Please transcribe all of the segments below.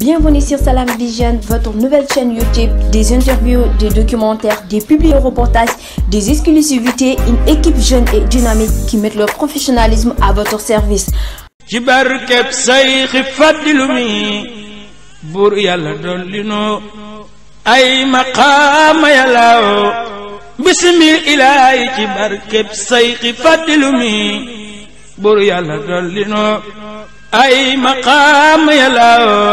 Bienvenue sur Salam Vision, votre nouvelle chaîne YouTube, des interviews, des documentaires, des publi-reportages, des exclusivités, une équipe jeune et dynamique qui met leur professionnalisme à votre service. ci barkeb sayxi yàlla dolli noo ay maqaama yàllaaw bismi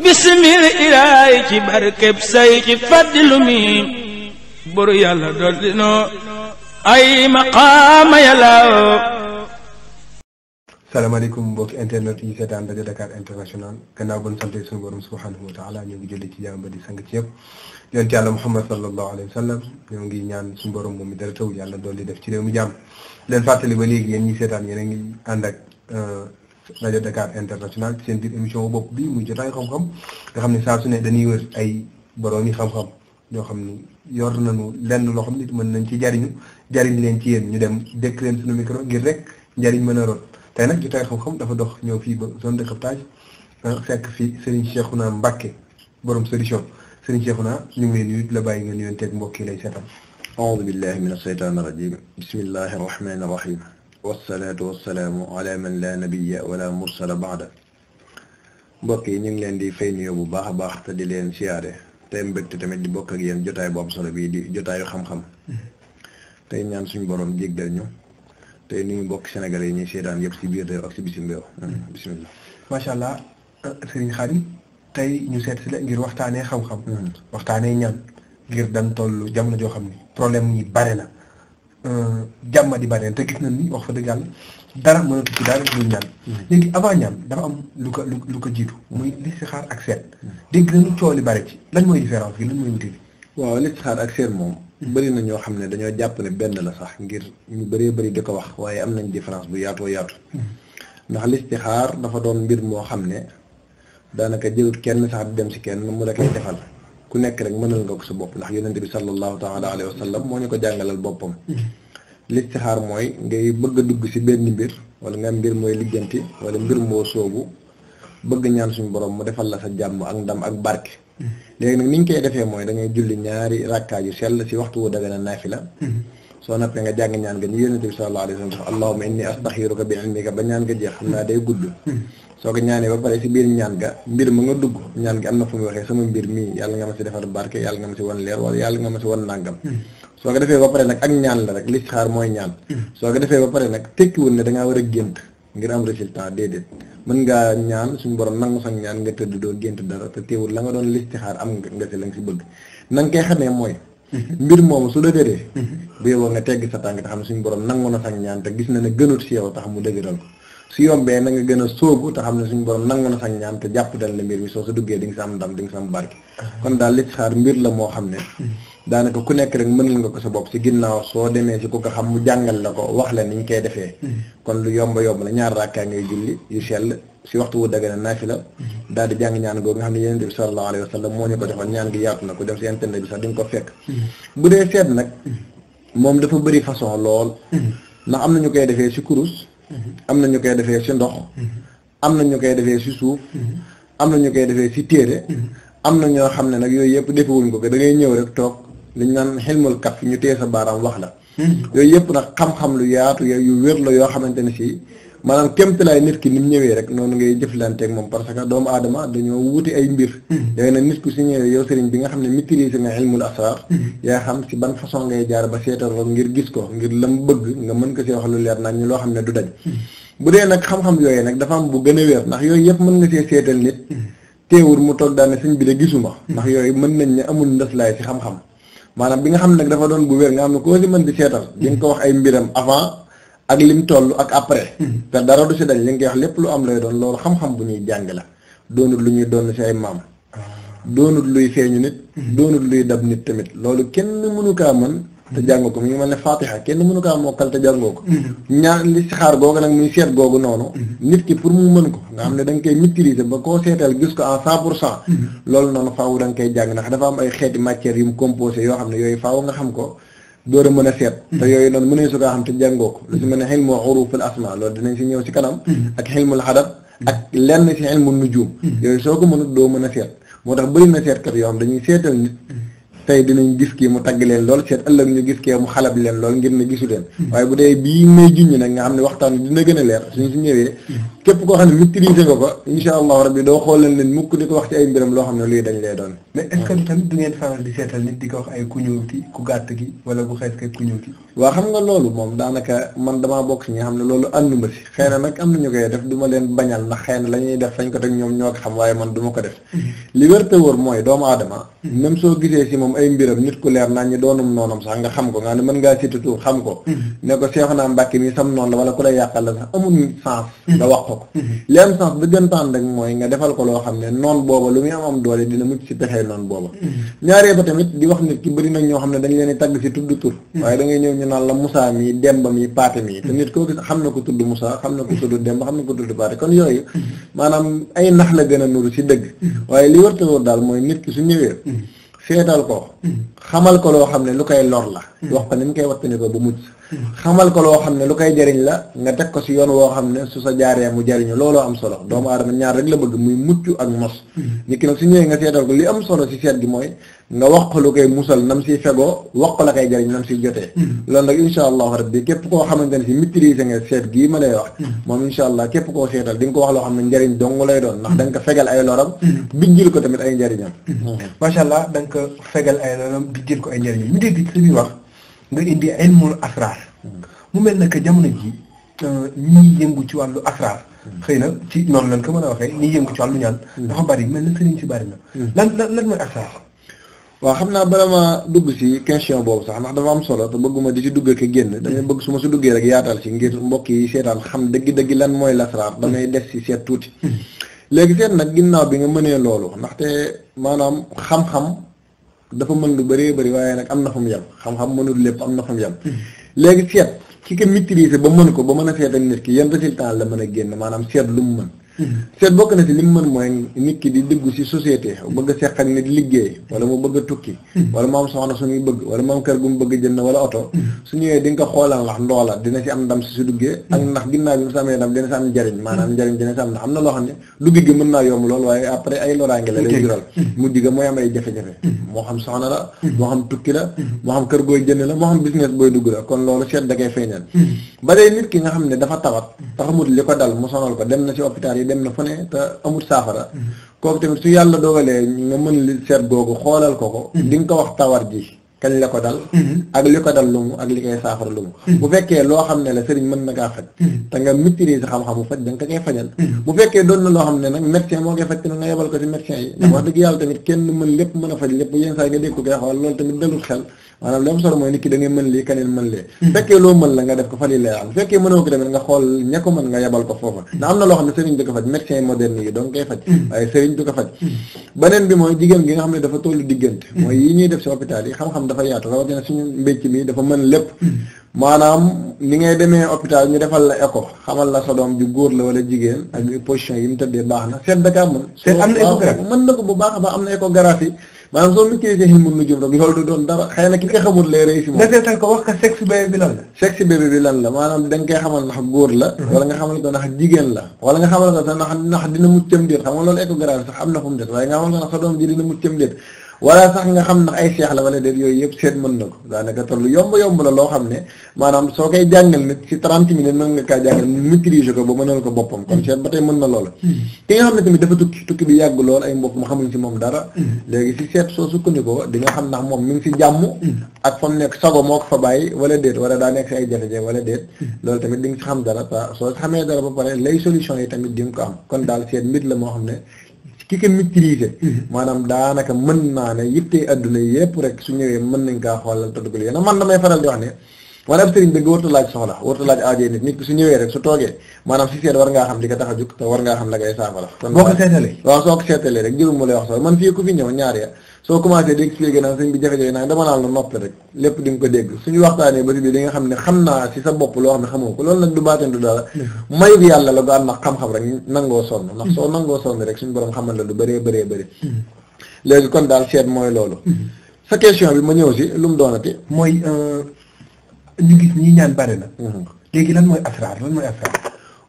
bismil ilaay ci barkeb say ci faddilu mi buru yàlla doldinoo ay maqaama yàllaw salaamaaleykum mbokki internet yi seetaan rajo Dakar international gannaaw bon sante suñu borom subhanahu wa taala ñoo ngi julli ci jàmm ba di sang ci yëpp yonent yàlla Muhammad sallallahu alayhi wa sallam ñoo ngi ñaan suñu borom moom mi dara taw yàlla dool di def ci réew mi jàmm leen fàttali ba léegi yéen ñi seetaan yéen a ngi ànd ak euh, rajo Dakar international ci seen biir émission bopp bi muy jotaay xam-xam nga xam ne saa su ne dañuy wër ay borom yi xam-xam ñoo xam ni yor na nañu lenn loo xam ni mën nañ ci jariñu jariñ leen ci yéen ñu dem dékk leen suñu micro ngir rek njariñ mën a roon tey nag jotaay xam-xam dafa dox ñëw fii ba zone de captage ah, fekk fii Serigne Cheikhouna mbakke borom solution Serigne Cheikhouna ñu ngi leen nuyu la bàyyi nga yoon teeg mbokk yi lay seetaan. aoudu billahi min asheytaan irajim bismillahi arrahmani irrahim wassalaatu wassalaamu ala man la nabiya wala mursala baada mbokk yi ñu ngi leen di fay nuyoo bu baax a baax te di leen siyaare tey mbégte tamit di bokk ak yéen jotaay bu solo bii di jotaayu xam-xam mm-hmm. tey ñaan suñu borom jéggal ñu tey nu ñu bokk Sénégal yi ñu seetaan yëpp si biir réew ak si bisim réew mm-hmm. bisimilah macha allah eh, sëriñ Xadim tey ñu seet si la ngir waxtaanee xam-xam mm-hmm. waxtaanee ñaan ngir dan toll jamono joo xam ni problème yi bare na Euh, jàmm di baneen te gis na ni wax fa dëgg yàlla dara mënatu ci daal lu ñaan mm-hmm. léegi avant ñaan dafa am lu ko lu ko jiitu muy listixaar ak seet mm-hmm. dégg nañu coow li bari ci lañ mooy différence bi lan mooy wuti bi waaw listixaar ak seet moom mm-hmm. bëri na ñoo xam ne dañoo jàpp ne benn la sax ngir ñu bëree bëri da ko wax waaye am nañ différence bu yaatoo yaatu ndax listixaar dafa doon mbir moo xam ne daanaka jëlut kenn sax di dem si kenn mu la koy ku nekk rek mënal nga ko sa bopp ndax yonente bi sallallahu taala alayhi wa sallam moo ñu ko jàngalal boppam mm-hmm. listixaar mooy ngay bëgg a dugg si benn mbir wala nga mbir mooy lijjanti wala mbir moo soobu bëgg ñaan suñu borom mu defal la sa jàmm ak ndam ak barke mm-hmm. léegi nag ni koy defee mooy da ngay julli ñaari rakkaa yu sell ci waxtu wu dagana la mm-hmm. soo nappee nga jàng ñaan nga ni yonente bi sallallahu alayhi wa sallam allahumma inni astaxiruka bi ilmika ba ñaan nga jeex xam naa day gudd soo ko ñaanee ba pare si biir ñaan ga mbir mu nga dugg ñaan gi am na fu mu waxee sama mbir mii yàlla nga ma si defar barke yàlla nga ma si wan leer wala yàlla nga ma si wan nàngam hmm. soo ko defee ba pare nag ak ñaan la rek listixaar mooy ñaan hmm. soo ko defee ba pare nag tekkiwul ne dangaa war a gént ngir am résultat déedéet mën ngaa ñaan suñu borom nangu sax ñaan nga tëdd doo gént dara te teewul la nga doon listixaar am nga si la nga si bëgg na nga koy ne mooy hmm. mbir moomu su dëgëree bu yeboo nga tegg sa tànk te xam suñu borom nangu na sax ñaan gis na ne gënut si yow tax mu dëgëral ko su yombee na nga gën a sóobu te xam ne suñu borom nangu na sax ñaan te jàpp dal la mbir mi soo sa duggee di nga sa am ndam di nga sa am barke kon daal listixaar mbir la moo xam ne daanaka ku nekk rek mënal nga ko sa bopp ci ginnaaw soo demee si ko xam mu jàngal la ko wax la niñ koy defee kon lu yomba yomb la ñaar rakkaa ngay julli yu sell si waxtu wu dagana naafila daal di jàng ñaan googu nga xam ne yonent bi sallallahu alayhi wa sallam moo ñu ko na ko dem ko fekk bu moom dafa bëri façon lool ndax am ñu koy defee si kurus am na ñu koy defee ci ndox am na ñu koy defee ci suuf am na ñu koy defee ci téere am na ñoo xam ne nag yooyu yëpp defewuñ ko ko da ñëw rek toog dañ naan xelmal kat fi ñu téye sa baaraam wax la hmm. yooyu yëpp nag xam-xam lu yaatu yu wér la yoo xamante ne si maanaam kéemtalaay nit ki ni mu ñëwee rek noonu ngay jëflanteeg moom parce que doomu aadama dañoo wuti ay mbir hmm. léegi nag nit ku si ñëwee yow sëriñ bi nga xam ne maîtriser nga ilmul asrar hmm. yaa xam si ban façon ngay jaar ba seetal ko ngir gis ko ngir lam bëgg nga mën ko si wax lu leer nañ ñu loo xam ne du daj hmm. bu dee nag xam-xam yooyu nag dafa am bu gën a wér ndax yooyu yëpp mën nga see seetal nit teewul mu toog daal ne bi de gisuma ndax yooyu mën nañ ni amul ndeslaay si xam-xam maanaam bi nga xam ne nag dafa doon bu wér nga xam ne koo si mën di seetal di nga ko wax ay mbiram avant ak lim toll ak après. Mm-hmm. te dara du si dañ li nga wax lépp lu am lay doon loolu xam-xam bu ñuy jàng la doonut lu ñuy doon si ay maam. Ah. doonut luy feeñu nit. Mm-hmm. doonut luy dab nit tamit loolu kenn mënu kaa mën. te mm-hmm. jàngoo ko mi ngi mel ne fatiha kenn mënu kaa mokkal te jàngoo ko. ñaar li si xaar nag muy seet googu noonu. nit ki pour mu mën ko nga xam ne da koy maîtriser ba koo seetal gis ko en cent pour cent. loolu noonu faaw da koy jàng ndax dafa am ay xeeti matières yu mu composé yoo xam ne yooyu faaw nga xam ko. door a mën a seet mm-hmm. te yooyu noonu mënuñu su ko xam te jàngoo ko lu si mel ne xilmu uruful asma loolu dinañ si ñëw si kanam mm-hmm. ak xilmul xadab mm-hmm. ak lenn si xilmu nujum yooyu soo ko mënut doo mën a seet moo tax bëri na seetkat yoo xam dañuy seetal nit tey dinañ gis kii mu tagg leen lool seet ëllëg ñu gis kee mu xalab leen lool ngir ne gisu leen hmm. waaye bu dee bii may junñ nag nga xam ne waxtaan dina gën a leer suñ si ñëwee hmm. képp koo nga leen mukk di ko wax ay xam ne luy dañ lay doon mais est-ce que tamit du ngeen faral di seetal di ko wax ay ku ñuul ki ku gàtt gi wala ku xees ki ku ñuul ki waa xam nga loolu moom daanaka man damaa bokk si nga xam ne loolu ànduma si xëy na nag am nañu koy def du leen bañal ndax xëy na la ñuy def fañ ko teg ñoom ñoo ko xam waaye man du ma ko def hmm. li wérte wóor mooy doomu aadama même soo moom ay mbiram nit ku leer naan ñu doonum noonam sax nga xam ko nga ne mën ngaa sitatu xam ko mm-hmm. ne ko seexu naa mbàkke mi sam noonu la wala ku lay yàqal la sax amul sens mm-hmm. nga wax ko mm-hmm. li am sens mooy nga defal ko loo xam ne noon booba lu muy am am doole dina mucc si pexee noon booba ñaaree ba tamit di wax nit ki bëri nag xam ne dañ leen di tagg si tudd tur waaye da ngay ñëw ñu naan la Moussa mi Demba mi Paate mi te nit koo gis xam na ko tudd Moussa xam na ko tudd Demba xam na ko tudd Paate kon yooyu maanaam ay nax la gën a nuru si dëgg waaye li warta daal mooy nit ki su ñëwee féetal ko hmm. xamal ko loo xam ne lu koy lor la hmm. wax ko ni mu koy wattani ko ba mucc xamal ko loo xam ne lu koy jariñ la nga teg ko si yoon woo xam ne su sa jaaree mu jariñu looloo am solo doomu aadama ñaar rek la bëgg muy mucc ak mos hmm. nit ki nag su ñëwee nga seetal ko li am solo ci seet gi mooy nga wax ko lu koy musal nam ciy fegoo wax ko la koy jariñ nam ciy jotee hmm. loolu nag insha allahu rabbi képp koo xamante ne ci maîtriser nga seet gii ma lay wax hmm. moom insha allah képp koo seetal di nga ko wax loo xam ne njariñ dong lay doon ndax da nga ko fegal ay loram bijjil ko tamit ay njariñam macha allah da ko fegal ay loram bijjil ko ay njariñam ñu dégg ci li muy wax nga indi ilmul asraar mu mel na que jamono ji euh, ñiy yëngu ci wàllu asraar xëy nag ci noonu lañ ko mën a waxee ñiy yëngu ci wàllu ñaan dafa bari mel na sëriñ si bari na lan lan lan mooy asraar waaw xam naa bala ma dugg si question boobu sax ndax dafa am solo te bëgguma di si dugg ak génn damay bëgg su ma si duggee rek yaatal si ngir mbokk yi seetaan xam dëgg-dëgg lan mooy lasraar damay def si seet tuuti hmm. léegi seet nag ginnaaw bi nga mënee loolu ndaxte maanaam xam-xam dafa mën lu bëree bëri waaye nag am na fa mu xam-xam mënul lépp am na fa mu yem léegi seet ki ko maîtriser ba mën ko ba mën a seetal nit ki yan résultat la mën a génn maanaam seet lu mu mën seet bokk na ci li mu mën mooy nit di dëggu ci société bëgg a seqal nit liggéey wala mu bëgg a tukki wala mu am na loo ga mooy am ay jafe-jafe moo xam soxna la moo xam tukki la moo xam kër gooy jënd la moo xam business booy dugg la kon loolu seet da koy feeñal hmm. ba nit ki nga xam ne dafa tawat taxamut li ko dal mu sonal ko dem na ci hôpital yi dem na fu ne te amul saafara kooku tamit su yàlla dogalee nga mën li googu xoolal ko ko mhm. di nga ko wax tawar ji kañ la ko dal mhm. ak li ko dal lu mu ak li koy saafara lu mu mhm. bu fekkee loo xam ne la sëriñ mën na kaa faj te nga maîtriser xam-xamu faj da koy fajal bu fekkee doon na loo xam ne nag médecin moo koy faj te nga yebal ko si médecin yi ndax wax dëgg yàlla tamit kenn mën lépp mën a faj lépp yenn saa yi nga dégg ko koy xool loolu tamit dalul xel maanaam li am solo mooy nit ki da ngay mën lii keneen mën lee hmm. fekkee loo mën la nga def ko fa li leeral fekkee mënoo ko nga xool ña ko mën nga yebal ko foofa hmm. ndax am na loo hmm. bi mooy jigéen gi nga xam ne dafa tollu diggante mooy yi ñuy def si hôpital yi xam-xam dafa yaatu rawatina suñu mbécc mi dafa mën lépp maanaam ni ngay demee hôpital ñu defal la écho xamal la sa doom ju góor la wala jigéen ak position yi mu tëddee baax na seet da kaa mën seet na mën na ko bu baax ba am na échographie maanaam soo maîtriser ilmun nujum rek loolu du doon dara xëy na ki nga xamul lay réy si moom nga seetal ko wax ko sexe bébé bi lan la sexe bébé bi maanaam da nga koy xamal ndax góor la mm-hmm. wala nga xamal ko ndax jigéen la wala nga xamal ko sax nax ndax dina muccam déet xam nga loolu échographie sax am na fu mu déet waaye nga xamal ko ndax sa doom ji dina muccam déet wala sax nga xam ndax ay seex la wala déet yooyu yëpp seet mën na ko daanaka tollu yomb yomb la loo xam ne maanaam soo koy jàngal nit ci trente minutes mën nga kaa jàngal maîtriser ko ba mënal ko boppam kon hmm. seet ba tey mën na loola hmm. ki nga xam ne tamit dafa tukki tukki bi yàgg lool ay mbokk mu xamuñ ci moom dara hmm. léegi ci seet soo sukkandikoo di nga xam ndax moom mi ngi ci jàmm ak fa mu nekk sago moo ko fa bàyyi wala déet wala daa nekk ci ay wala déet loolu tamit di nga ci xam dara soo xamee ba pare lay solution yi tamit di nga ko am kon daal seet mbir la moo xam ne ki ko maîtriser mhm. maanaam daanaka mën naa ne yittee adduna yépp rek su ñëwee mën nañ kaa xoolal te dugg yenn man damay faral di wax ne maanaam sëriñ dëgg warta laaj soxla warta laaj aajo nit nit ki su ñëwee rek su toogee maanaam si seet war ngaa xam li ko tax a jug te war ngaa xam la ko soo ko seetalee rek jëru ne xam naa si loo xam ne xamoo ko loolu nag du baatin du dara mayu bi na xam-xam rek nangoo sonn ndax soo nangoo sonn rek suñu borom xamal la mooy loolu sa question bi ma ñëw si lu mu mooy euh, ñu gis ñi ñaan bare na. Mhm. léegi lan mooy asraar lan mooy asraar.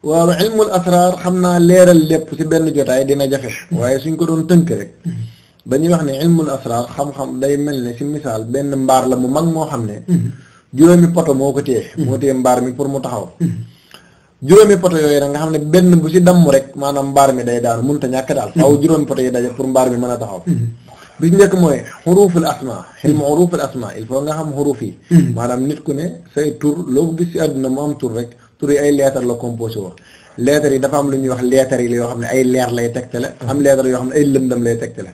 waaw ilmul asraar xam naa leeral lépp ci benn jotaay dina jafe. Mhm. waaye suñ ko doon tënk rek. Mhm. ba ñuy wax ne ilmul asraar xam-xam day mel ne ci misaal benn mbaar la mu mag moo xam ne. juróomi poto moo ko téye. moo téye mbaar mi pour mu taxaw. juróomi poto yooyu nag nga xam ne benn bu ci damm rek maanaam mbaar mi day daal mënut a ñàkk daal. faaw juróomi poto yi daje pour mbaar mi mën a taxaw. bi ñu njëkk mooy xuruful asma xilmu xuruful asma il faut nga xam xuruf yi hmm. maanaam nit ku ne say tur loo ko gis ci àdduna mu am tur rek tur yi ay leetar la composé woon leetar yi dafa am lu ñuy wax leetar yi yoo xam ne ay leer lay tegtale hmm. am leetar yoo xam ne ay lëndëm lay tegtale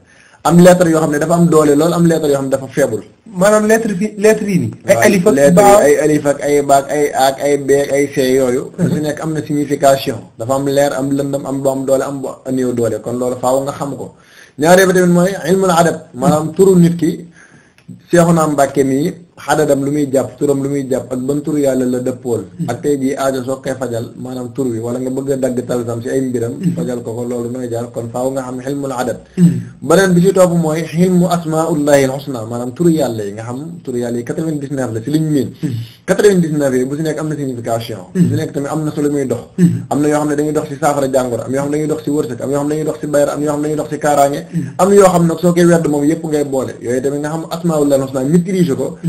am leetar yoo xam ne dafa am doole lool am leetar yoo xam ne dafa feebul maanaam lettre fi lettre yi nii ay alif ak baa ay alif ay baak ay aak ay beeg ay see yooyu su hmm. nekk am na signification dafa am leer am lëndëm am bu am doole am bu néew doole kon loolu faaw nga xam ko ñaareel ba tamit mooy ilmul adab maanaam turu nit ki Seexuna Mbàkke mi xadadam lu muy jàpp turam lu muy jàpp ak ban tur yàlla la dëppool hmm. ak tey jii soo koy fajal maanaam tur wi wala nga bëgg a dagg talsam si ay mbiram hmm. fajal ko ko loolu nooy jaar kon faaw nga xam xilmul adad hmm. beneen bi ci topp mooy xilmu asmaullahi alxusna maanaam tur yàlla yi nga xam tur yàlla yi quatre vingt la si liñ miin quatre vingt dix yi bu si nekk am na signification bu si nekk tamit am na su muy dox am na yoo xam ne dañuy dox si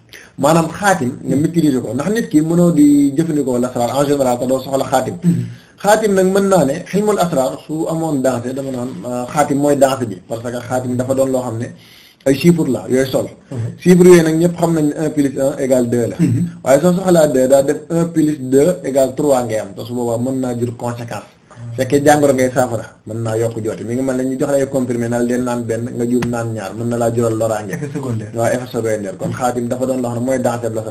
maanaam xaatim nga maîtriser ko ndax nit ki mënoo di jëfandikoo lasrar en général te doo soxla xaatim mm-hmm. xaatim nag mën naa ne xilmul asrar su amoon dansé dama naan ah, xaatim mooy danse bi parce que xaatim dafa doon loo xam ne ay chiffres la yooyu sol mm-hmm. chiffres yooyu nag ñëpp xam nañ un plus un égale deux la mm-hmm. waaye soo soxlaa deux daa def un plus deux égale trois ngay am te su boobaa mën naa jur conséquence fekkee jàngoro ngay saafara mën naa yokk joote mi ngi mën la jox la ay comprimé naan leen naan benn nga juum naan ñaar mën na laa jural loraange. waaw effet secondaire kon xaatim dafa doon loo xam ne mooy dansé la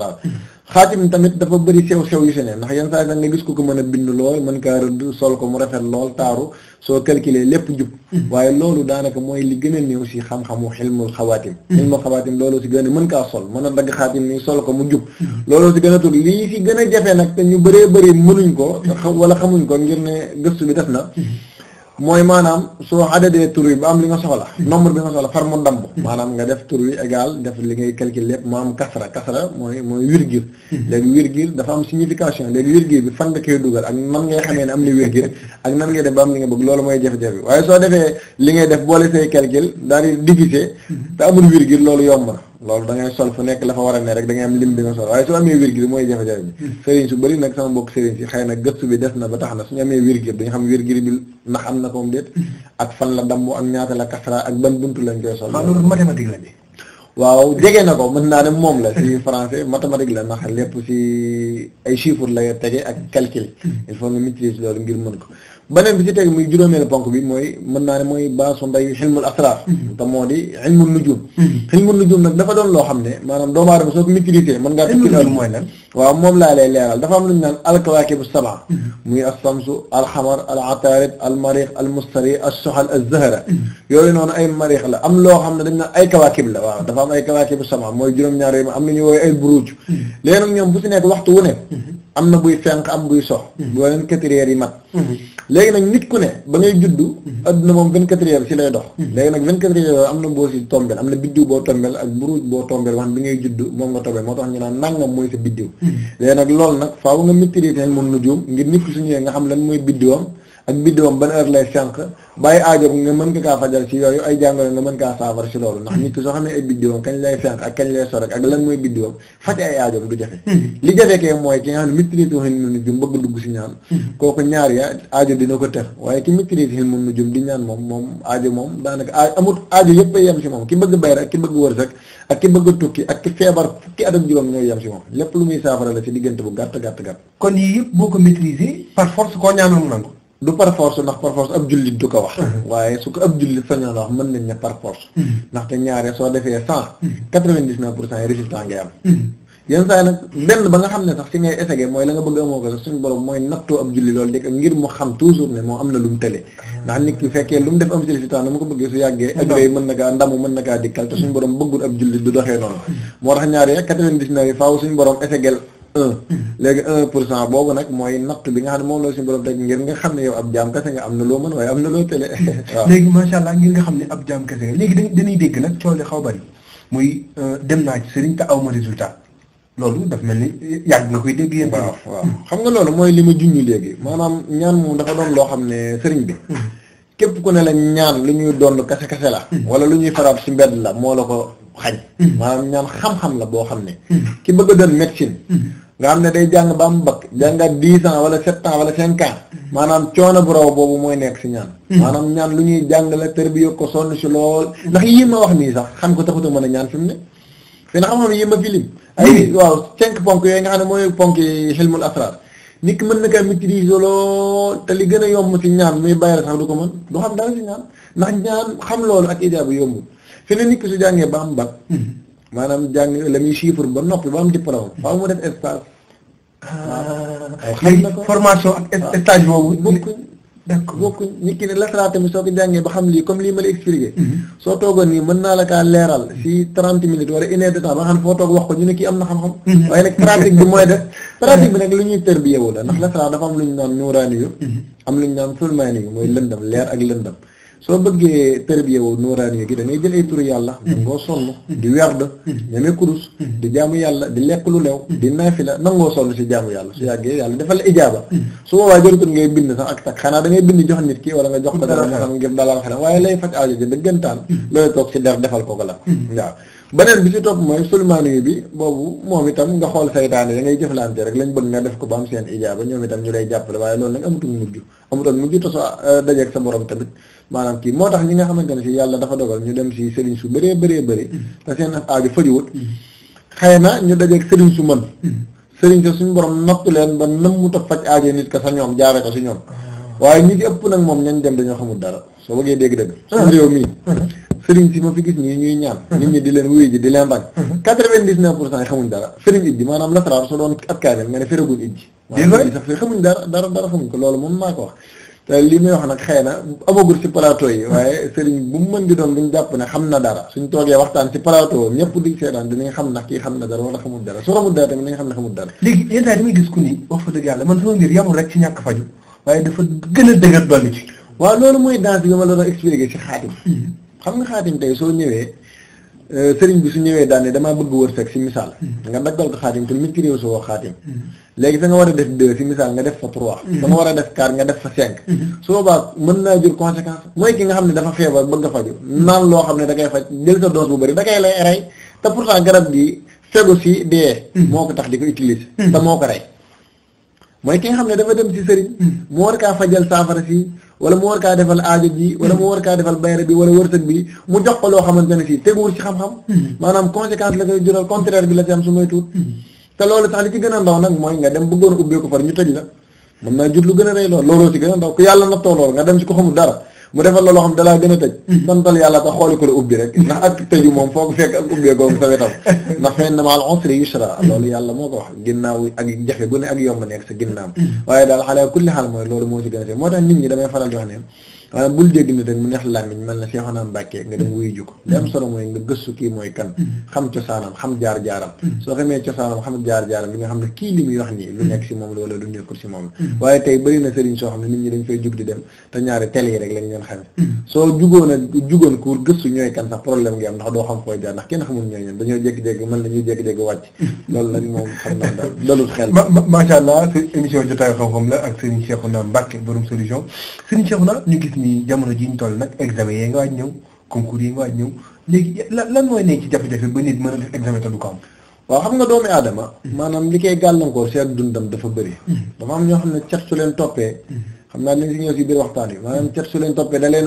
xaatim tamit dafa bëri sew-sew yu si ne ndax yenn saa yi nga gis ku ko mën a bind lool mën kaa rëdd sol ko mu rafet lool taaru soo calculer lépp jub mm-hmm. waaye loolu daanaka mooy li gën a néew si xam-xamu xilmul xawaatim mm-hmm. xilmul xawaatim loolu si gën a mën kaa sol mën a dagg xaatim ni sol ko mu jub mm-hmm. loolu si gën a tur lii si gën a jafe nag te ñu bëree bëri mënuñ ko wala xamuñ ko ngir ne gëstu bi def na mooy maanaam soo adadee tur ba am li nga soxla nombre bi nga soxla far mu ndamb maanaam nga def tur yi égal def li ngay calculer lépp mu am kasra kasra mooy mooy virgule léegi virgule dafa am signification léegi virgule bi fan nga koy dugal ak nan ngay xamee ne am na virgule ak nan ngay def ba am li nga bëgg loolu mooy jafe-jafe bi waaye soo defee li ngay def boole say calcul daal di diviser mm-hmm. te amul virgule loolu yomb na loolu da ngay sol fu nekk la fa war a ne rek da am lim bi nga sol waaye su amee wér mooy jafe-jafe bi hmm. sëriñ su bëri nag sama mbokk sëriñ si xëy na gëstu bi des na ba tax na suñu amee wér gi dañu xam wér bi ndax am na ko mu déet hmm. ak fan la dambu ak ñaata la kasra ak ban buntu lañ koy sol loolu la bi waaw jege na ko mën naa dem moom la si français mathématique la ndax lépp si ay chiffres la tege ak calcul hmm. il faut nga maîtriser loolu ngir mën ko beneen bi ci teg muy juróomeelu ponk bi mooy mën naa ne mooy baasu nday xilmul asrar mhm. te moo di mhm. xilmul nujum nag dafa doon loo xam ne maanaam doomu aadama soo ko maîtrisé mën ngaa tekki loolu mooy lan waaw moom leeral dafa am lu ñu naan alkawaakibu saba mhm. muy alsamsu alxamar alatarib almarix almustari alsoxal alzahra yooyu noonu ay marix la am loo xam ne dañ naan ay kawaakib la waaw dafa am ay kawaakibu saba mooy juróom-ñaar yooyu am nañu woowee ay buruj léegi nag ñoom bu si nekk waxtu wu ne am na buy fenq am buy sox boo leen quatre heures yi mat léegi nag nit ku ne ba ngay juddu. adduna mhm. moom vingt quatre ci lay dox. Mhm. léegi nag vingt quatre heures am na boo ci tombel am na biddiw boo tombel ak buruj boo tombel wax bi ngay juddu moom nga tombel moo tax ñu naan nangam mooy sa biddiw. Mhm. léegi nag loolu nag faaw nga maîtriser moom nu juum ngir nit ku suñu nga xam lan mooy biddiwam. ak biddiwam ban heure lay fenq bàyyi aajo nga mën nga kaa fajal ci yooyu ay jàngoro nga mën kaa saafara ci loolu ndax nit soo xamee ay biddiwam kañ lay fenq ak kañ lay sorek hmm. hmm. ko tex waaye ki maîtrise xin mun nu jum di ñaan moom moom aajo moom daanaka a amut aajo yëpp ay yem ci moom ki bëgg bay rek ki bëgg wërsëg ak ki bëgg tukki ak ki feebar fukki at ak ñooy yem ci moom lépp lu muy saafara la ci diggante bu gàtt gàtt gàtt kon yii yëpp boo ko maîtriser par force koo ñaanal mu nangu du par force ndax par force ab jullit du ko wax mhm. waaye su ko ab jullit sañoon wax mën nañ ne par force mhm. ndaxte ñaare soo defee cent mhm. quatre vingt dix pour cent yi résultat ngay am yenn saa nag benn ba nga xam ne sax si ngay essayé mooy la nga bëgg amoo ko sax suñu mooy nattoo ab julli loolu dëkk ngir mu xam toujours ne moo am na lu mu tële ah. ndax nit ki fekkee lu def am si résultat na mu ko bëggee su yàggee ak lay mën na kaa ndamu mën na kaa un léegi un pour cent boobu nag mooy natt bi nga xam ne moom la suñu borom teg ngir nga xam ne yow ab jaam kese nga am na loo mën waaye am na loo télé waaw léegi macha allah ngir nga xam ne ab jaam kese nga léegi da dañuy dégg nag coow li xaw bari muy euh, dem naa ci sëriñ te aw ma résultat loolu daf mel ni yàgg nga koy dégg yéen waaw waaw xam nga loolu mooy li ma junñu léegi maanaam ñaan moom dafa doon loo xam ne sëriñ bi hmm. képp ku ne la ñaan lu ñuy donn kase kase la hmm. wala lu ñuy faraat ci mbedd la moo la ko xañ hmm. maanaam ñaan xam-xam la boo xam ne hmm. ki bëgg a doon médecine hmm. nga xam ne day jàng ba am bakk jàngaat dix ans wala sept ans wala cinq ans maanaam coono bu raw boobu mooy nekk si ñaan maanaam ñaan lu ñuy jàng la tërbiya ko sonn si lool ndax yii ma wax nii sax xam ko taxuta mën a ñaan fi mu ne fi na xam-xam yii ma filim ay waaw cinq ponk yooyu nga xam ne mooy ponk yi xilmul asrar nit ki mën na kaa maîtriser lool te li gën a yomb si ñaan muy bàyyi sax du ko mën du xam dara si ñaan ndax ñaan xam loolu ak ijaabu yombul fi ne nit ki su jàngee ba am bac mhm. maanaam jàng la muy chiffre ba noppi ba am diplôme faaw mu def stage ah. formation ak stage boobu bokkuñ d'accord bokkuñ nit ki ne lasara tamit soo ko jàngee ba xam lii comme lii ma la expliqué mhm. soo toogoon nii mën naa la kaa leeral si trente minutes wala une heure de temps ba nga xam foo toog wax ko ñu ne kii am na xam-xam mhm. waaye nag pratique bi mooy def pratique bi nag lu ñuy tërbiyewu la ndax lasara dafa am lu ñu naan nuuraani yu am lu ñu naan sulmaani yu mooy leer ak lëndam soo bëggee tërbiya woo nooraaniya gi da ngay jël ay turu yàlla mm-hmm. nangoo sonn di werd mm-hmm. ñeme kurus di mm-hmm. jaamu yàlla di lekk lu lew di naafila nangoo sonn si jaamu yàlla su yàggee yàlla defal la ijaaba su boobaa jërëjëf ngay bind sax ak sax xanaa da ngay bind jox nit ki wala nga jox ko dara nga xam ngir dalal waaye lay faj aajo ji dëggantaan looy toog defal ko ko la waaw beneen bi ci topp mooy sulmaani bi boobu moom itam nga xool saytaane da ngay jëflante rek lañ bëgg nga def ko ba am seen ijaaba ñoom itam ñu lay jàppale waaye loolu nag amutoon mujj amutoon mujj te soo euh, dajeeg sa tamit maanaam kii moo tax ñi nga xamante ne si yàlla dafa dogal ñu dem si sëriñ su bëree bëree bëri mm. te seen aaju fëriwut mm. xëy na ñu dajeeg sëriñ su mën mm. sëriñ sa suñu borom nattu leen ba nëmmut a faj aajo nit ka sa ñoom jaare ko si ñoom ah. waaye ñi ci ëpp nag moom ñañ dem dañoo xamul dara soo bëggee dégg dëgg ah. suñu réew mii ah. sëriñ si ma fi gis nii ñuy ñaan nit ñi di leen wuyu ji di leen bañ quatre-vingt-dix-neuf pour cent yi xamuñ dara sëriñ ijji maanaam lasaraar moom maa ko li muy wax nag xëy na amagul ci plateau yi waaye sëriñ bu mu di doon luñ jàpp ne xam na dara suñ toogee waxtaan ci palaato ñëpp di seetaan dinañ xam ndax kii xam na dara wala xamul dara su xamul yenn saa yi damay gis ku ni wax fa dëgg man sama mbir yamul rek ci ñàkk faju waaye dafa gën a dëgër dolli ci waaw loolu mooy danse bi ma la doon ci xaatim mm-hmm. xam nga xaatim tey soo ñëwee Euh, sëriñ bi su ñëwee daan ne damaa bëgg wërsëg si misaal. Hmm. nga daggal ko xaatim te maîtriser woo xaatim. Hmm. léegi da nga war a def deux si misaal nga def fa trois. da hmm. nga war a def quatre nga def fa cinq. soo boobaa mën naa jur conséquence mooy ki nga xam ne dafa feebar bëgg a faju naan loo xam ne da koy faj jël sa dose bu bëri da koy lay rey te pourtant garab gi fegu si dee. moo ko tax di ko utiliser. te moo ko mooy ki nga xam ne dafa dem si sëriñ. mu war kaa fajal saafara si. wala mu war kaa defal aajo bi wala mu war kaa defal bayre bi wala wërsëg bi mu jox ko loo xamante ne fii teguwul ci xam-xam hmm. maanaam conséquence la koy jural contraire bi la ci am su may tuut hmm. te loolu sax li ci gën a ndaw nag mooy nga dem bëggoon ubbee ko far ñu tëj la mën naa jut lu gën a rey lool looloo ci gën a ndaw ku yàlla na toolool nga dem ci ko xamul dara mu defal la loo xam dalaa gën a tëj santal mm-hmm. yàlla xooli ko la ubbi rek mm-hmm. ndax ak tëju moom foo ko fekk ak ubbee googu sa wetam ndax fa inna ma'al usri yusra mm-hmm. loolu yàlla moo ko wax ginnaaw ak jafe gu ne ak yomb nekk sa ginnaaw waaye daal xale kulli xaal mooy loolu moo ci gën a tëj moo tax nit ñi damay faral di ne maanaam bul dégg ni rek mu neex làmmiñ man la Seexuna Mbàkke nga dem wuyu ji ko mm-hmm. li am solo mooy nga gëstu kii mooy kan mm-hmm. xam cosaanam xam jaar-jaaram mm-hmm. soo xamee cosaanam xam ne kii li wax nii nekk si moom la wala lu nekkul si moom la waaye tey bëri na sëriñ soo xam ne te ñaari télé yi rek lañ leen xamee soo jugoon a jugoon ku ñooy kan sax problème ngi am ndax doo xam fooy jaar ndax kenn xamul ñooy ñan dañoo jékki-jékki mën nañuy jékki-jékki wàcc loolu nag moom xam naa daal dalul xel macha xam-xam la ak sëriñ Seexuna Mbàkke borom solution sëriñ Seexuna ñu gis ni jamono ji ñu toll nag examen yi nga waaj ñëw concours yi nga waaj ñëw léegi lan mooy nekk ci jafe-jafe ba nit mën a def examen te du ko am. waaw xam nga doomu aadama. Mm-hmm. maanaam li koy gàllankoor seen dundam dafa bëri. Mm-hmm. dafa am ñoo xam ne cat su leen mm-hmm. naa nañ si ñëw si biir waxtaan yi a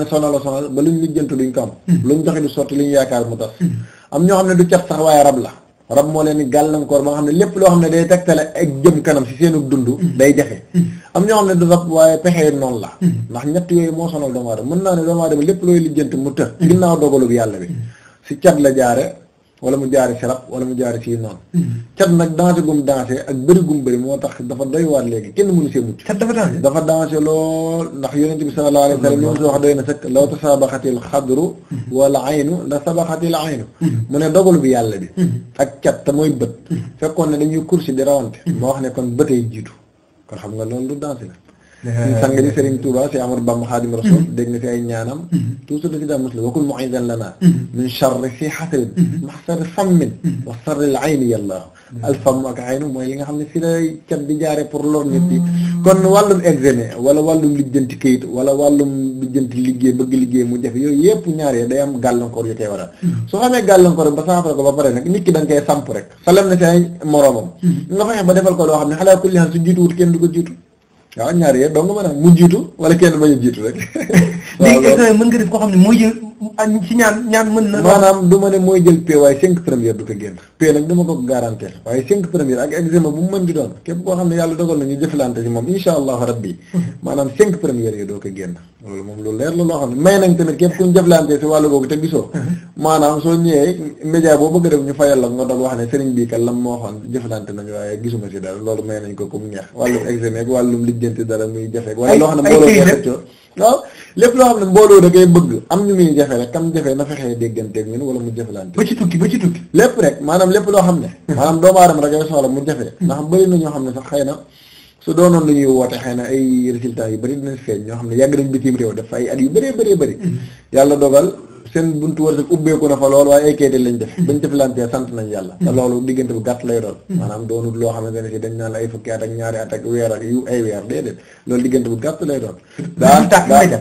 sonal a sonal ba luñ lijjantu duñ ko am. luñ du sotti xam ne du cat sax waaye rab la. rab moo leen di gàllankoor ba nga xam ne lépp loo xam ne day tegtale ak jëm kanam si seenu dund. day jafe. am ñoo xam ne du rab waaye pexe noonu la hmm. ndax ñett yooyu moo sonal doomu aadama mën naa ne doomu aadama lépp looy lijjanti mu të hmm. ginnaaw dogalub yàlla bi hmm. si cat la jaare wala mu jaare si wala mu jaare si noonu cat nag dansé gum dansé ak bëri gum bëri moo tax dafa doy waar léegi kenn mënu see mucc cat dafa dansé dafa dansé lool ndax yonent bi sallallahu alayhi wa sallam li mu si wax doy na sëkk law tasaabaxatil xadru wala aynu la sabaxatil aynu mu ne dogalu bi yàlla bi ak cat te mooy bët fekkoon ne dañuy kursi di rawante moo wax ne kon bëtey jiitu kon xam nga loolu du danse la ñu eh. sang bi Serigne Touba si Amadou Bamba Xaadimu Rasuul mm-hmm. dégg na fi ay ñaanam mm-hmm. toujours da si daa mos la wakul muizan lana mm-hmm. min charri fi xasarin max sarri fammin wa sarri l ayni mooy li nga xam ne si la cat di jaare pour lor nit yi kon wàllum examen wala wàllum lijjanti kayit wala wàllum lijjanti liggéey bëgg liggéey mu jafe yooyu yëpp ñaare day am gàllankoor yu koy waral su xamee gàllankoor ba saafara ko ba pare nag nit ki da nga koy samp rek salem na si ay moroomam nga fexe ba defal ko loo xam ne xalaa kulli xaal su jiituwut kenn du ko jiitu waaw ñaar yëpp dong nga mën a mu jiitu wala kenn bañ a jiitu rek. waaw léegi mën nga def koo xam ne mooy jël ci ñaan ñaan mën na. maanaam du ne mooy jël P waaye cinq première du ko génn P nag dama ko garantir waaye cinq première ak examen bu mu mën di doon képp koo xam ne yàlla dogal na jëflante ci moom insha allahu rabbi maanaam cinq première yi doo ko génn loolu moom lu leer la loo may nañ tamit ku ñu jëflante wàllu googu te gisoo maanaam soo ñëwee média loolu may nañ ko comme neex wàllum examen wàllum lijjanti dara muy jafe waaye loo xam ne mbooloo waaw lépp loo xam ne mbooloo da ngay bëgg am ñu muy jafe rek kam jafe na fexee dégganteeg ñun wala mu jëflante ba ci tukki ba ci tukki lépp rek maanaam lépp loo xam ne maanaam doomu aadama da ngay soxla mu jafe ndax bëri na ñoo xam ne sax xëy na su doonoon lu ñuy woote xëy na ay résultats yu bëri dinañ feeñ ñoo xam ne yàgg nañ bitim réew def ay at yu bëree bëree bëri mm-hmm. yàlla dogal seen buntu wërsëg ubbeeku dafa lool waaye ay kayit lañ def mm-hmm. bañ jëflantee sant nañ yàlla te mm-hmm. loolu diggante bu gàtt lay doon mm-hmm. maanaam doonul loo xamante ne si dañ naan la ay fukki at ak ñaari at ak weer ak yu ay weer déedéet loolu diggante bu gàtt lay doon daa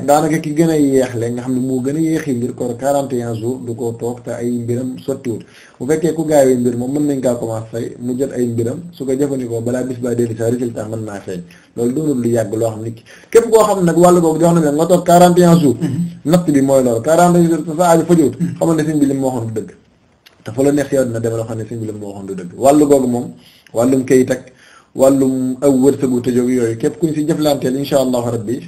daanaka ki gën a yeexle nga xam ne moo gën a yéexi mbir koor quarante et du ko toog te ay mbiram sottiwul bu fekkee ku gaawee mbir moom mën nañ kaa commencé fay mu jot ay mbiram su ko jëfandikoo balaa bis ba delli sa résultat mën naa feeñ loolu doonul lu yàgg loo xam ni képp koo xam nag wàllu googu jox na nga toog 41 jours mm-hmm. natt bi mooy mm-hmm. ne suñ moo xam du dëgg te fa la neex yow dina dem loo xam ne suñ bi lim moo xam du dëgg wàllu googu moom wàllum kayit ak wàllum aw wërsëgu tëjoog yooyu képp kuñ si jëflanteel insha allahu rabbi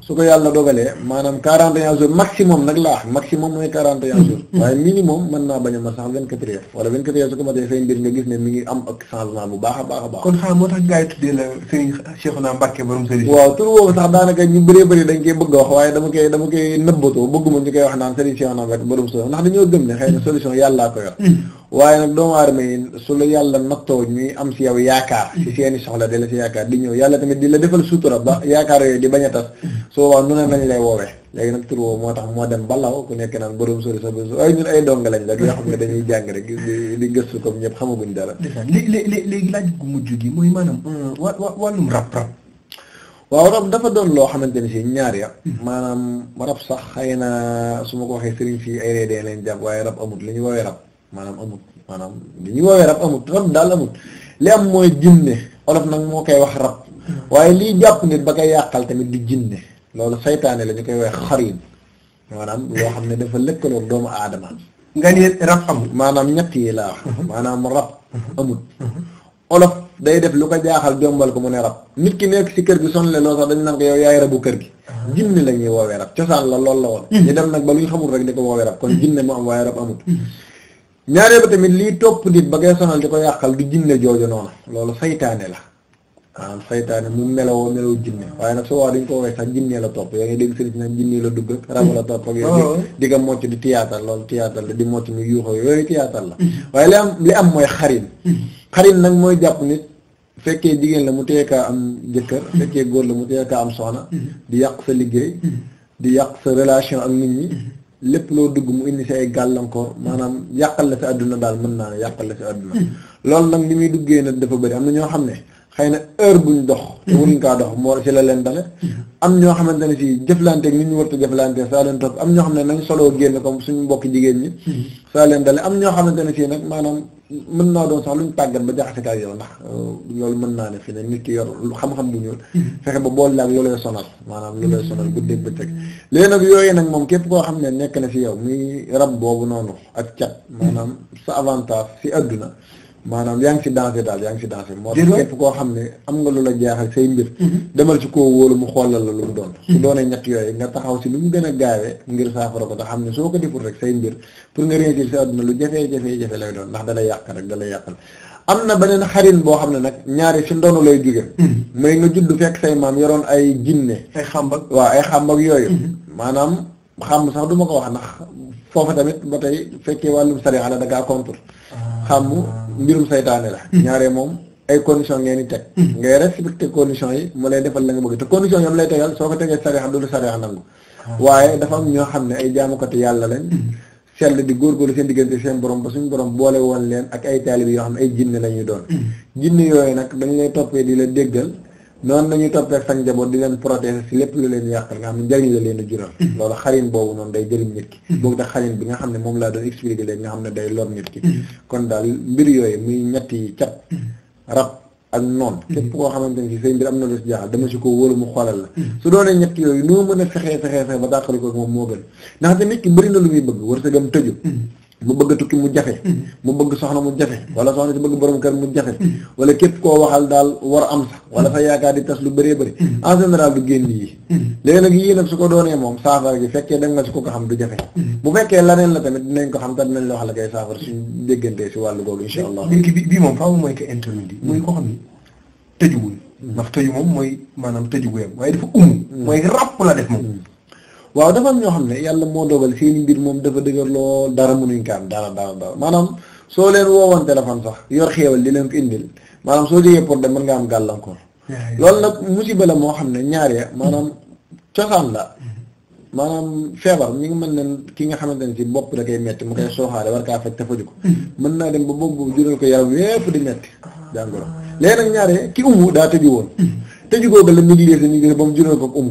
su ko yàlla dogalee maanaam quarante et un jours maximum nag laax maximum mooy quarante et un jours waaye mën naa bañ a ma sax vingt wala vingt quatre heures su ko matee say mbir nga ngi am baax a baax a baax kon xam moo tax gaa yi tuddee la Serigne Cheikhouna Mbacké borom Serigne waaw tur boobu sax daanaka ñu bëree bëri dañ koy bëgg a wax waaye dama koy dama koy nëbbatoo bëgguma ñu koy wax naan Serigne Cheikhouna Mbacké borom Serigne ndax dañoo gëm ne xëy solution yàllaa ko yor hmm. waaye nag doomu aadama su la yàlla nattoo ñuy am si yow yaakaar si seeni soxla di la si yaakaar di ñëw yàlla tamit di la defal sutura ba yaakaar yooyu di bañ a tas soo waa nu ne nañ lay woowee léegi nag tur woo moo tax moo dem balaw ku nekk naan borom sori sa borom ay ñun ay ndongo lañ la yoo xam ne dañuy jàng rek di gëstu comme ñëpp xamaguñ dara léegi léegi laaj ku mujj gi mooy maanaam euh, wa wa rab rab waaw rab dafa doon loo xamante ni si ñaar ya hmm. maanaam rab sax xëy na su ma ko waxee fii ay reedee waaye rab amut li ñu woowee maanaam amut maanaam li ñuy woowee rab amut rab daal amut li am mooy jinne olof nag moo koy wax rab waaye liy jàpp nit ba koy yàqal tamit di jinne loolu saytaane la ñu koy wax xarin maanaam loo xam ne dafa lëkkaloog doomu aadama nga ni rab amut maanaam ñett yi maanaam rab amut olof day def lu ko jaaxal jombal ko mu ne rab nekk ci kër gi sonle loo sax dañ naan ko yow yaay rabu kër gi jinne la ñuy woowee rab cosaan la lool la woon hmm. ñu dem nag ba lu ñu xamul rek di ko woowee rab kon jinne mu am waaye rab amut hmm. ñaaree ba tamit lii topp nit ba ngay sonal di ko yàqal du jinne jooju noonu loolu saytaane la waaw saytaane mu melawoo melaw jinne waaye nag su waa dañ ko waxee sax jinne la topp yaa ngi dégg sëriñ si nag jinne la dugg rab la topp ak yooyu oh. di nga mocc loolu théâtre di mocc mi yuuxoo yooyu théâtre la mm-hmm. waaye li am mooy xarin mm-hmm. xarin nag mooy jàpp nit fekkee jigéen la mu kaa am jëkkër fekkee góor la mu teekaa am soxna mm-hmm. di yàq sa liggéey di yàq sa relation ak nit ñi lépp loo dugg mu indi si ay gàllankoor maanaam yàqal la si àdduna daal mën naa ne yàqal la si àdduna hmm. loolu nag ni muy duggee nag dafa bëri am na ñoo xam ne xëy na heure ñu dox te waruñ kaa dox moo ci la leen dale am ñoo xamante ne si jëflante ni ñu wartu jëflante saa leen topp am ñoo xam ne nañ soloo génn comme suñu mbokki jigéen ñi saa leen dale am ñoo xamante ne si nag maanaam mën naa doon sax ñu tàggat ba jaxaseka ak yow ndax uh, loolu mën naa ne fi ne nit ki yor xam-xam bu ñuul fexe ba bool laak loolay sonal maanaam loolay sonal guddeeg bëccëg léegi nag yooyu nag moom képp koo xam ne nekk na si yow muy rab boobu noonu ak cat maanaam sa avantage si adduna maanaam yaa ngi ci danger daal yaa ngi ci danger moo tax képp koo xam ne am nga lu la jaaxal say mbir mhm. demal si koo wóolu mu xoolal la lu mu doon su mhm. doonee ñett yooyu nga taxaw si lu mu gën a gaawee ngir saafara ko te xam ne soo ko deful rek say mbir pour nga réussir sa àdduna lu jafee jafee jafe lay doon ndax da yàq rek dalay lay yàqal am na beneen xarit boo xam ne nag ñaari si ndonu lay jóge mhm. mooy nga judd fekk say maam yoroon ay jinne ay xàmbag waaw ay xàmbag yooyu maanaam xàmb sax du ma ko wax ndax foofu tamit ba tey fekkee wàllum sari ala da ngaa contre ah. xàmmu mbirum saytaane la hmm. ñaare moom ay condition ngeen di teg hmm. ngay respecté condition yi mu lay defal la nga bëgg te condition yam lay tegal soo ko tegee sariya du sariya nangu ah. waaye dafa am ñoo xam ne ay jaamukatu yàlla lañ hmm. sell di góorgóorlu seen diggante seen borom ba suñ borom boole woon leen ak ay taalibi yoo xam ne ay jinne la ñuy doon jinne yooyu nag dañ lay toppee di la déggal noonu la ñuy toppee ak sa di leen protéger si lépp lu leen yàqal nga xam ne njëriñ la leen a jural mm-hmm. loolu xarin boobu noonu day jëriñ nit mm-hmm. bi nga xam ne moom laa doon expliquer léegi ne day lor nit ki mm-hmm. kon daal mbir yooyu muy ñetti cat rab ak noon képp koo xamante ne si say mbir am na lu si jaaxal dama si ko wóolu mu xoolal la su doonee ñett yooyu noo mën a fexee fexee ba dàqali ko moom moo gën ndaxte nit ki bëri na lu muy bëgg wërsëgam tëju mu bëgg tukki mu jafe mu bëgg soxna mu jafe wala soxna si bëgg borom kër mu jafe wala képp koo waxal daal war am sax wala sa yaakaar di tas lu bëree bëri en général du génn yi léegi nag yii nag su ko doonee moom saafara gi fekkee dem nga si ko ko xam du jafe bu fekkee laneen la tamit dinañ ko xam te dinañ la wax la koy saafara suñ déggantee si wàllu googu insha allah léegi bi bii moom faaw mooy que internet yi mooy koo xam ni tëju moom mooy maanaam tëju gu mm. mooy ràpp la def moom mm. waaw dafa am ñoo xam ne yàlla moo dogal seeni mbir moom dafa dëgër lool dara mënuñ ko am dara dara dara maanaam soo leen woowoon téléphone sax yor xéewal di leen ko indil maanaam soo jógee pour dem mën nga am gàllankoor loolu nag musiba la moo xam ne ñaar ya maanaam cosaan la mm-hmm. maanaam feebar mi ngi mën ne ki nga xamante ne ci bopp da koy metti mu koy sooxaale war kaa faj te faju ko mm-hmm. mën naa dem ba boobu jural ko yaram yépp di metti ah. jàngoro léegi nag ñaare ki tëju googu la ñu liir ñu gis ba mu jural ko um.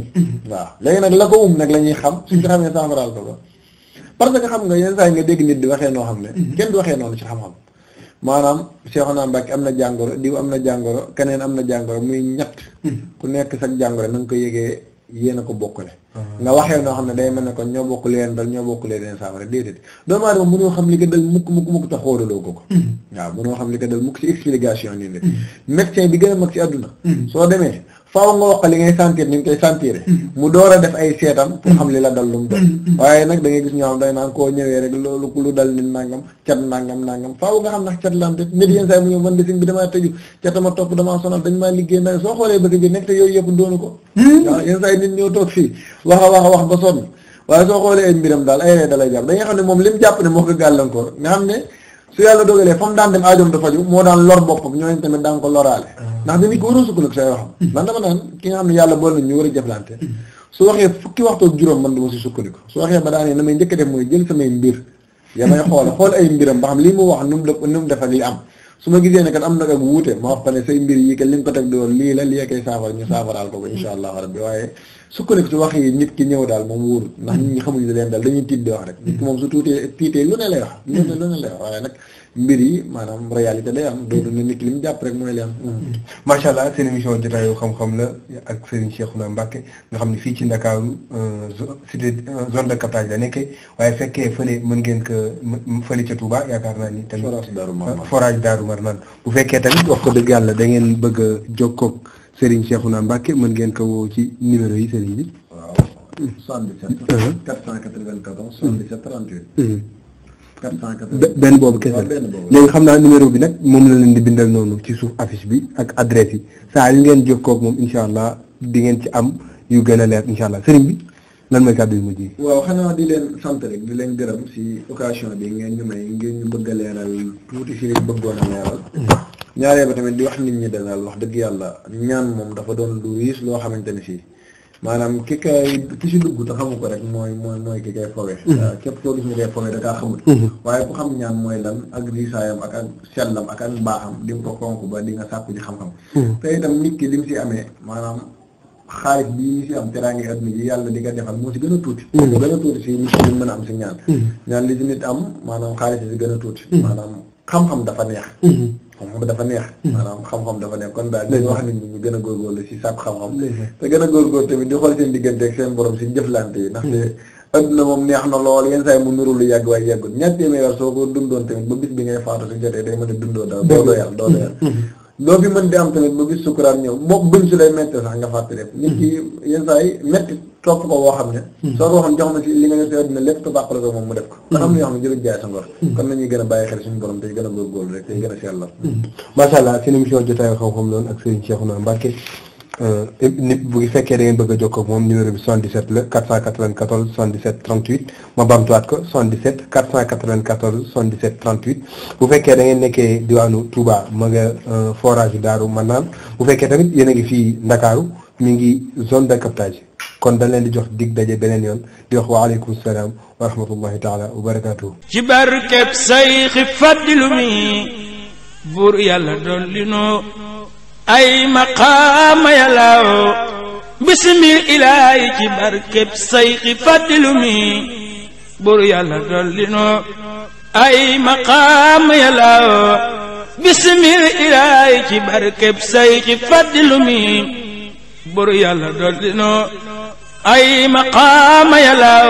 waaw léegi nag la ko um nag la ñuy xam si ko xamee saafaraal ko ba parce que xam nga yenn saa yi nga dégg nit di waxee noo xam ne. Mm-hmm. kenn du waxee noonu ci xam-xam. maanaam Cheikhouna Mbacke am na jàngoro diw am na jàngoro keneen am na jàngoro muy ñett. Mm-hmm. ku nekk sax jàngoro na ko yëgee yéen a ko bokkale. nga waxee noo xam ne day mel ne kon ñoo bokk leen dal ñoo bokk leen saafara déedéet doomu aadama mënoo xam li ko dal mukk mukk mukk te xoodaloo ko ko mm. waaw mënoo xam li ko dal mukk ci mm. explication nii ne mm. médecin bi gën a mag ci àdduna soo demee faaw nga wax li ngay sentir ni nga koy sentir. Hmm. mu door a def ay seetam. pour hmm. xam li la dal lu mu hmm. waaye nag da ngay gis ñoo xam day naan koo ñëwee rek loolu lu dal ni nangam cat nangam nangam faaw nga xam ndax cat la am te nit yenn saa yi mu ñëw man de bi damaa tëju catama topp damaa sonal dañ maa liggéey nag soo xoolee bëgg bi nekk te yooyu yëpp doonu ko. waaw yenn saa yi nit ñoo toog fii wax a wax a wax ba sonn waaye soo xoolee ay mbiram daal ay ree dalay jàpp da xam ne moom lim jàpp ne moo ko gàllankoor nga su yàlla dogalee fa mu daan dem aajoom du faju moo daan lor boppam ñooñu tamit daan ko loraale ndax dañu ko war a sukkandiku say waxam hmm. ki nga xam ne yàlla bool nañ ñu war a jëflante hmm. su waxee fukki waxtu ak juróom man dama si sukkandiku su waxee ba daanee na may njëkk a def mooy jël samay mbir ya may xool xool ay mbiram ba xam lii mu wax nu mu def nu mu defal li am su ma gisee ne am nag ak wuute ma wax ko say mbir yi kat li nga ko teg doon lii la lii koy saafara ñu saafaraal ko ba insha allahu rabbi su sukkandiku ci wax yi nit ki ñëw daal moom wóorul ndax nit ñi xamuñu leen daal dañuy tiit di wax rek nit ki moom su tiitee lu ne lay wax lu ne lu ne lay wax waaye nag mbir yi maanaam réalité day am doodu ne nit ki li mu jàpp rek mooy li am macha allah seen émission jotaayu xam-xam la ak Serigne Cheikhouna Mbacké nga xam ne fii ci Ndakaaru euh, cité euh, zone de captage da nekkee waaye fekkee fële mën ngeen ko fële ca Touba yaakaar naa ni tamit forage Darou Marnane bu fekkee tamit wax ko yàlla da ngeen bëgg a jokkoog Serigne Cheikhouna Mbacké mën ngeen ko woo ci numéro yi Serigne bi. waaw 77. 494 77 38. 494 benn boobu kese la léegi xam naa numéro bi nag moom la leen di bindal noonu ci suuf affiche bi ak adresse yi saa yu ngeen jokkoo ak moom incha allah di ngeen ci am yu gën a leer incha allah Serigne bi. lan mooy kàddu yu mujj yi. waaw xanaa di leen sant rek di leen gërëm si occasion bi ngeen ñu may ngeen ñu bëgg a leeral tuuti si li a leeral. ñaaree ba tamit di wax nit ñi daal wax dëgg yàlla ñaan moom dafa doon lu riis loo xamante ni si maanaam ki kay ki si dugg te xamu ko rek mooy mooy mooy ki kay fowe mhm. képp koo gis ñu koy fowe da kaa xamul mhm. waaye ku xam ñaan mooy lan ak riisaayam ak ak sellam ak ak mbaaxam di ko konk ba di nga sàkku ji xam-xam mhm. te itam nit ki li mu si amee maanaam xaalis bi ñu si am teraange at mi yàlla di ko defal moo si gën a tuuti moo gën a tuuti si nit mën a am si ñaan ñaan li si nit am maanaam xaalis gën a tuuti maanaam xam dafa neex xam-xam dafa neex hmm. maanaam xam-xam dafa neex kon daal dañ hmm. wax nit ñi ñu gën a góorgóorlu si sàkk xam-xam hmm. te gën a góorgóorlu tamit di xool seen diggante ak seen borom si jëflante yi ndaxte adduna moom neex na lool yenn saa yi mu nuru lu yàgg waaye yàggut ñaar téeméer soo ko dundoon tamit ba bis bi ngay faatu su jotee day mën a dundoo daal doo loo fi mën di am tamit ba bis sukuraat ñëw moom buñ si lay métti sax nga fàtte lépp nit ki yenn saa yi métti topp ko boo xam ne hmm. soo ko waxoon jox ma ci li nga ne sa dina lépp te bàqala ko moom mu def ko hmm. kon am na yoo xam ne jërëjëf jaay sa hmm. kon nañuy gën a bàyyi xel suñu borom tey gën a góorgóorlu rek tey gën a sellal macha allah seen émission jotaayu xam-xam loolu Euh, ni bu fekkee da ngeen bëgg a jokkoo ak moom numéro bi 77 la 494 77 38 ma bamtuwaat ko 77 494 77 38 bu fekkee da ngeen nekkee diwaanu Touba ma nga euh, forage Daaru Manaan bu fekkee tamit yéen a ngi fii Ndakaaru mi ngi zone de captage kon dañ leen di jox dig daje beneen yoon di wax wa aleykum salaam wa rahmatullahi taala wa barakaatuhu ci barkeb say xi fàddilu mi buur yàlla ay maqaama yalaw bismil ilaahi barkeb sayxi fàddilu mi bur yàlla ay maqaama yalaw bismil ilaahi barkeb sayxi fàddilu mi bur ay maqaama yalaw